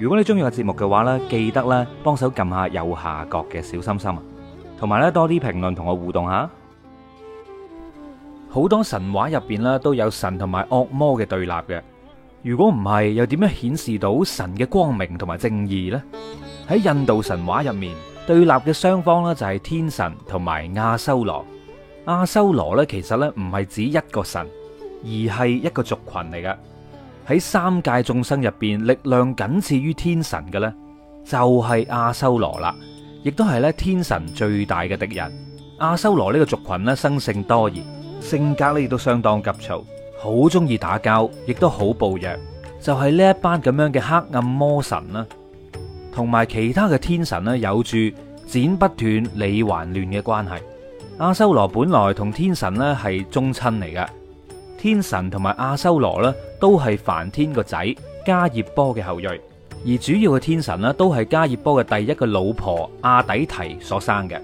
如果你中意個節目嘅話咧，記得咧幫手撳下右下角嘅小心心，同埋咧多啲評論同我互動下。好多神話入邊咧都有神同埋惡魔嘅對立嘅。如果唔係，又點樣顯示到神嘅光明同埋正義呢？喺印度神話入面，對立嘅雙方咧就係天神同埋阿修羅。阿修羅咧其實咧唔係指一個神，而係一個族群嚟嘅。喺三界眾生入邊，力量僅次於天神嘅呢，就係阿修羅啦，亦都係咧天神最大嘅敵人。阿修羅呢個族群呢，生性多疑，性格呢亦都相當急躁，好中意打交，亦都好暴虐，就係呢一班咁樣嘅黑暗魔神啦，同埋其他嘅天神呢，有住剪不斷理還亂嘅關係。阿修羅本來同天神呢係宗親嚟嘅，天神同埋阿修羅呢。都係梵天個仔迦葉波嘅後裔，而主要嘅天神呢，都係迦葉波嘅第一個老婆阿底提所生嘅，而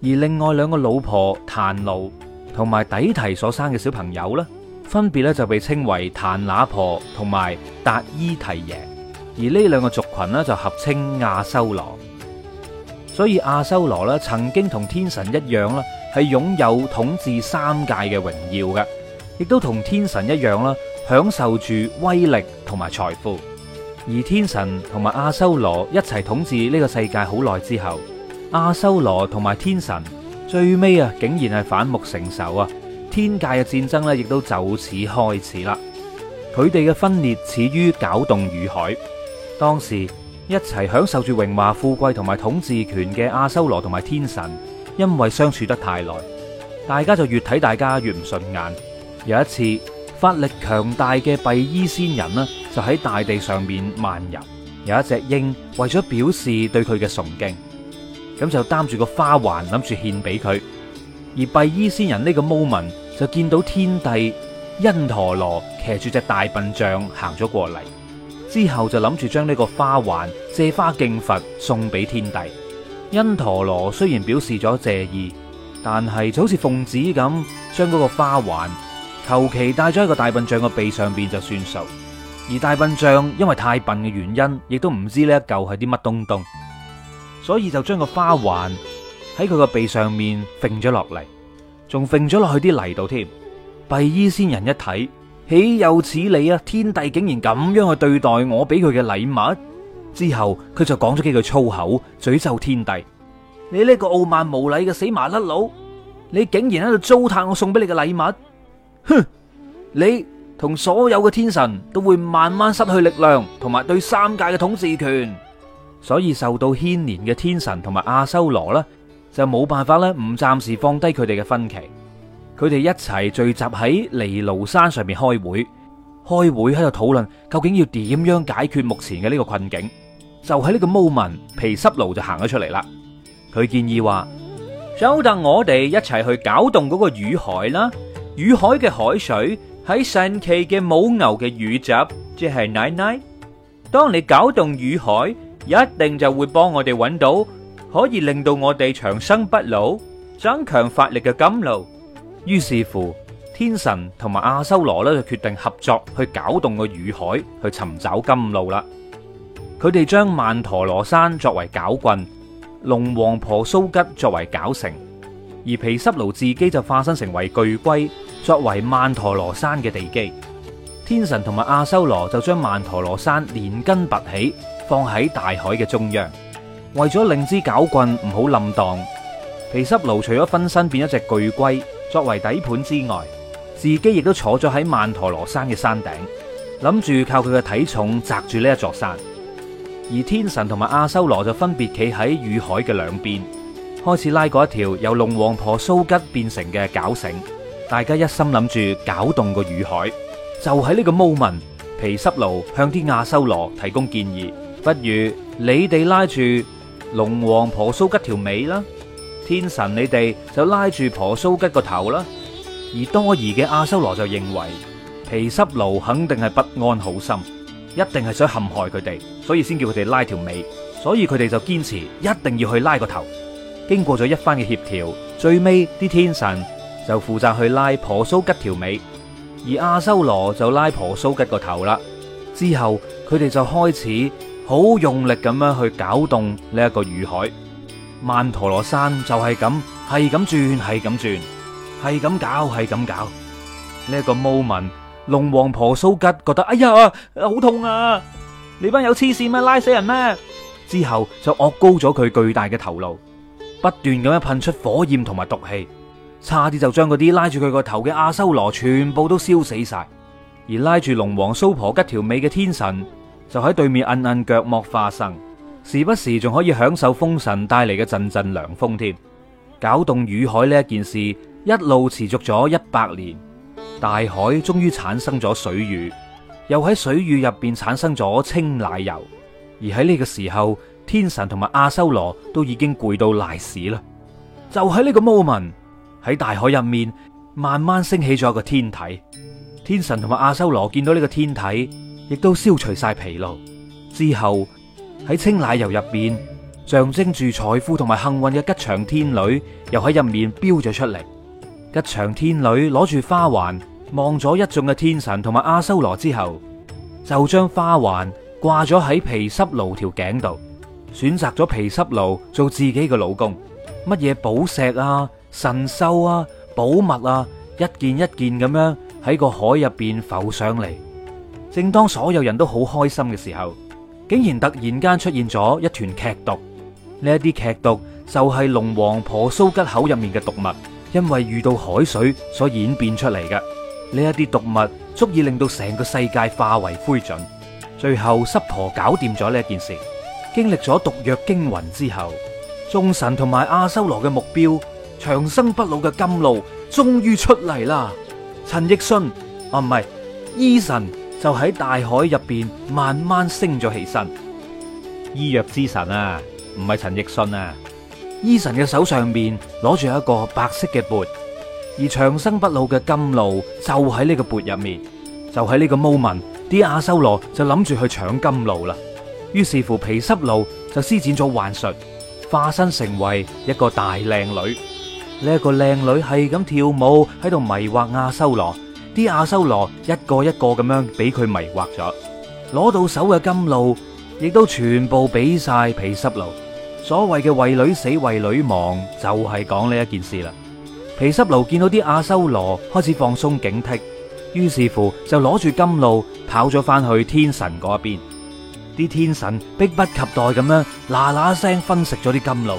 另外兩個老婆壇奴同埋底提所生嘅小朋友呢，分別咧就被稱為壇那婆同埋達伊提耶，而呢兩個族群呢，就合稱亞修羅。所以亞修羅呢，曾經同天神一樣啦，係擁有統治三界嘅榮耀嘅，亦都同天神一樣啦。享受住威力同埋財富，而天神同埋阿修羅一齊統治呢個世界好耐之後，阿修羅同埋天神最尾啊，竟然係反目成仇啊！天界嘅戰爭呢亦都就此開始啦。佢哋嘅分裂始於攪動乳海。當時一齊享受住榮華富貴同埋統治權嘅阿修羅同埋天神，因為相處得太耐，大家就越睇大家越唔順眼。有一次。法力強大嘅拜衣仙人呢，就喺大地上面漫遊。有一隻鷹為咗表示對佢嘅崇敬，咁就擔住個花環諗住獻俾佢。而拜衣仙人呢個 moment 就見到天帝因陀羅騎住隻大笨象行咗過嚟，之後就諗住將呢個花環借花敬佛送俾天帝。因陀羅雖然表示咗謝意，但係就好似奉旨咁將嗰個花環求其戴咗喺個大笨象個鼻上邊就算數，而大笨象因為太笨嘅原因，亦都唔知呢一嚿係啲乜東東，所以就將個花環喺佢個鼻上面揈咗落嚟，仲揈咗落去啲泥度添。閉伊仙人一睇，豈有此理啊！天帝竟然咁樣去對待我俾佢嘅禮物。之後佢就講咗幾句粗口，詛咒天帝：你呢個傲慢無禮嘅死麻甩佬，你竟然喺度糟蹋我送俾你嘅禮物！哼，你同所有嘅天神都會慢慢失去力量同埋對三界嘅統治權，所以受到牽連嘅天神同埋阿修羅呢，就冇辦法咧，唔暫時放低佢哋嘅分歧，佢哋一齊聚集喺尼羅山上面開會，開會喺度討論究竟要點樣解決目前嘅呢個困境。就喺呢個 n t 皮濕奴就行咗出嚟啦，佢建議話：，想等我哋一齊去搞動嗰個雨海啦。雨海嘅海水喺神奇嘅母牛嘅乳汁，即係奶奶。當你攪動雨海，一定就會幫我哋搵到可以令到我哋長生不老、增強法力嘅甘露。於是乎，天神同埋阿修羅呢就決定合作去攪動個雨海，去尋找甘露啦。佢哋將曼陀羅山作為攪棍，龍王婆蘇吉作為攪繩。而皮濕奴自己就化身成為巨龜，作為曼陀羅山嘅地基。天神同埋阿修羅就將曼陀羅山連根拔起，放喺大海嘅中央。為咗令支攪棍唔好冧蕩，皮濕奴除咗分身變一隻巨龜作為底盤之外，自己亦都坐咗喺曼陀羅山嘅山頂，諗住靠佢嘅體重砸住呢一座山。而天神同埋阿修羅就分別企喺乳海嘅兩邊。開始拉過一條由龍王婆蘇吉變成嘅絞繩，大家一心諗住攪動個乳海。就喺呢個 moment 皮濕奴向啲阿修羅提供建議，不如你哋拉住龍王婆蘇吉條尾啦，天神你哋就拉住婆蘇吉個頭啦。而多疑嘅阿修羅就認為皮濕奴肯定係不安好心，一定係想陷害佢哋，所以先叫佢哋拉條尾，所以佢哋就堅持一定要去拉個頭。經過咗一番嘅協調，最尾啲天神就負責去拉婆蘇吉條尾，而阿修羅就拉婆蘇吉個頭啦。之後佢哋就開始好用力咁樣去攪動呢一個乳海，曼陀羅山就係咁，係咁轉，係咁轉，係咁搞，係咁搞。呢一個 moment，龍王婆蘇吉覺得哎呀，好痛啊！你班有黐線咩？拉死人咩？之後就惡高咗佢巨大嘅頭顱。不斷咁樣噴出火焰同埋毒氣，差啲就將嗰啲拉住佢個頭嘅阿修羅全部都燒死晒。而拉住龍王蘇婆吉條尾嘅天神，就喺對面摁摁腳莫化生，時不時仲可以享受風神帶嚟嘅陣陣涼風添。攪動乳海呢一件事，一路持續咗一百年，大海終於產生咗水乳，又喺水乳入邊產生咗清奶油。而喺呢個時候。天神同埋阿修羅都已經攰到賴屎啦，就喺呢個 moment 喺大海入面，慢慢升起咗一個天體。天神同埋阿修羅見到呢個天體，亦都消除晒疲勞。之後喺清奶油入面，象徵住財富同埋幸運嘅吉祥天女又喺入面飆咗出嚟。吉祥天女攞住花環望咗一眾嘅天神同埋阿修羅之後，就將花環掛咗喺毗濕奴條頸度。選擇咗毗濕奴做自己嘅老公，乜嘢寶石啊、神獸啊、寶物啊，一件一件咁樣喺個海入邊浮上嚟。正當所有人都好開心嘅時候，竟然突然間出現咗一團劇毒。呢一啲劇毒就係龍王婆蘇吉口入面嘅毒物，因為遇到海水所演變出嚟嘅。呢一啲毒物足以令到成個世界化為灰燼。最後濕婆搞掂咗呢件事。經歷咗毒藥驚魂之後，眾神同埋阿修羅嘅目標，長生不老嘅甘露終於出嚟啦。陳奕迅，啊唔係，醫神就喺大海入邊慢慢升咗起身。醫藥之神啊，唔係陳奕迅啊，醫神嘅手上邊攞住一個白色嘅缽，而長生不老嘅甘露就喺呢個缽入面，就喺呢個 moment，啲阿修羅就諗住去搶甘露啦。於是乎，皮濕奴就施展咗幻術，化身成為一個大靚女。呢、這、一個靚女係咁跳舞喺度迷惑阿修羅，啲阿修羅一個一個咁樣俾佢迷惑咗，攞到手嘅甘露亦都全部俾晒皮濕奴。所謂嘅為女死，為女亡，就係講呢一件事啦。皮濕奴見到啲阿修羅開始放鬆警惕，於是乎就攞住甘露跑咗翻去天神嗰邊。啲天神迫不及待咁樣嗱嗱聲分食咗啲甘露，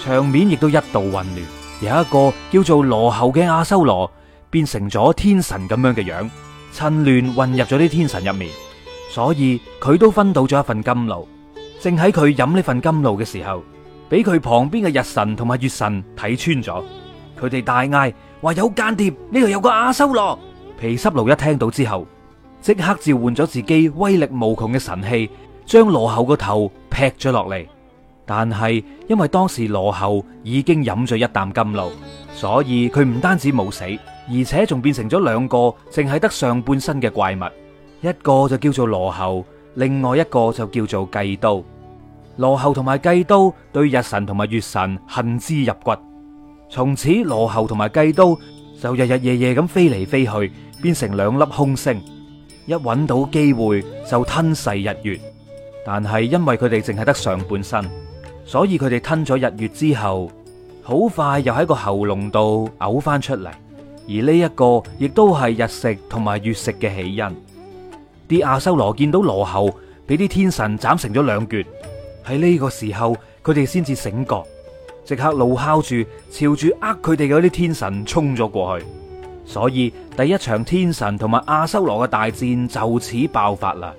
場面亦都一度混亂。有一個叫做羅睺嘅阿修羅變成咗天神咁樣嘅樣，趁亂混入咗啲天神入面，所以佢都分到咗一份甘露。正喺佢飲呢份甘露嘅時候，俾佢旁邊嘅日神同埋月神睇穿咗，佢哋大嗌：話有間諜呢度有個阿修羅。毗濕奴一聽到之後，即刻召喚咗自己威力無窮嘅神器。將羅睺個頭劈咗落嚟，但係因為當時羅睺已經飲咗一啖甘露，所以佢唔單止冇死，而且仲變成咗兩個淨係得上半身嘅怪物，一個就叫做羅睺，另外一個就叫做計都。羅睺同埋計都對日神同埋月神恨之入骨，從此羅睺同埋計都就日日夜夜咁飛嚟飛去，變成兩粒空星，一揾到機會就吞噬日月。但係因為佢哋淨係得上半身，所以佢哋吞咗日月之後，好快又喺個喉嚨度嘔翻出嚟。而呢一個亦都係日食同埋月食嘅起因。啲阿修羅見到羅喉俾啲天神斬成咗兩橛，喺呢個時候佢哋先至醒覺，即刻怒哮住朝住呃佢哋嗰啲天神衝咗過去。所以第一場天神同埋阿修羅嘅大戰就此爆發啦。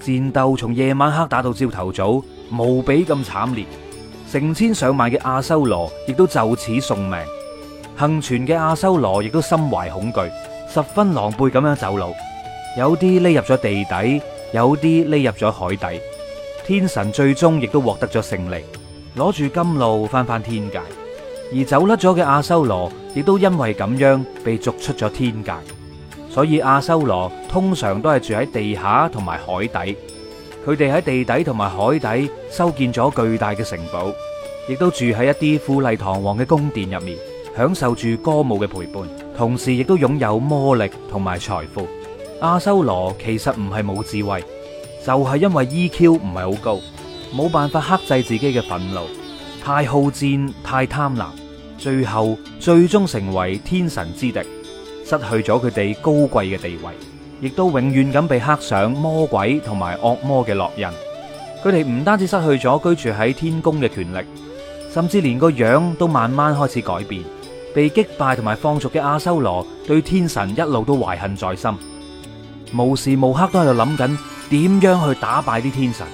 戰鬥從夜晚黑打到朝頭早，無比咁慘烈，成千上萬嘅阿修羅亦都就此送命，幸存嘅阿修羅亦都心懷恐懼，十分狼狽咁樣走路，有啲匿入咗地底，有啲匿入咗海底，天神最終亦都獲得咗勝利，攞住金路翻返天界，而走甩咗嘅阿修羅亦都因為咁樣被逐出咗天界。所以阿修羅通常都係住喺地下同埋海底，佢哋喺地底同埋海底修建咗巨大嘅城堡，亦都住喺一啲富麗堂皇嘅宮殿入面，享受住歌舞嘅陪伴，同時亦都擁有魔力同埋財富。阿修羅其實唔係冇智慧，就係因為 E.Q 唔係好高，冇辦法克制自己嘅憤怒，太好戰、太貪婪，最後最終成為天神之敵。失去咗佢哋高貴嘅地位，亦都永遠咁被刻上魔鬼同埋惡魔嘅烙印。佢哋唔單止失去咗居住喺天宮嘅權力，甚至連個樣都慢慢開始改變。被擊敗同埋放逐嘅阿修羅對天神一路都懷恨在心，無時無刻都喺度諗緊點樣去打敗啲天神，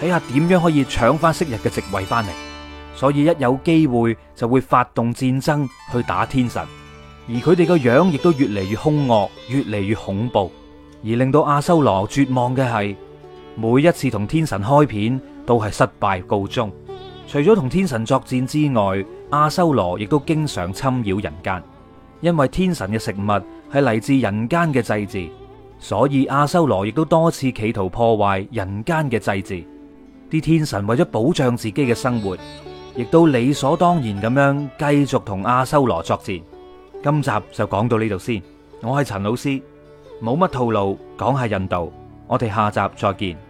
睇下點樣可以搶翻昔日嘅席位翻嚟。所以一有機會就會發動戰爭去打天神。而佢哋個樣亦都越嚟越兇惡，越嚟越恐怖，而令到阿修羅絕望嘅係每一次同天神開片都係失敗告終。除咗同天神作戰之外，阿修羅亦都經常侵擾人間，因為天神嘅食物係嚟自人間嘅祭祀，所以阿修羅亦都多次企圖破壞人間嘅祭祀。啲天神為咗保障自己嘅生活，亦都理所當然咁樣繼續同阿修羅作戰。今集就講到呢度先，我係陳老師，冇乜套路，講下印度，我哋下集再見。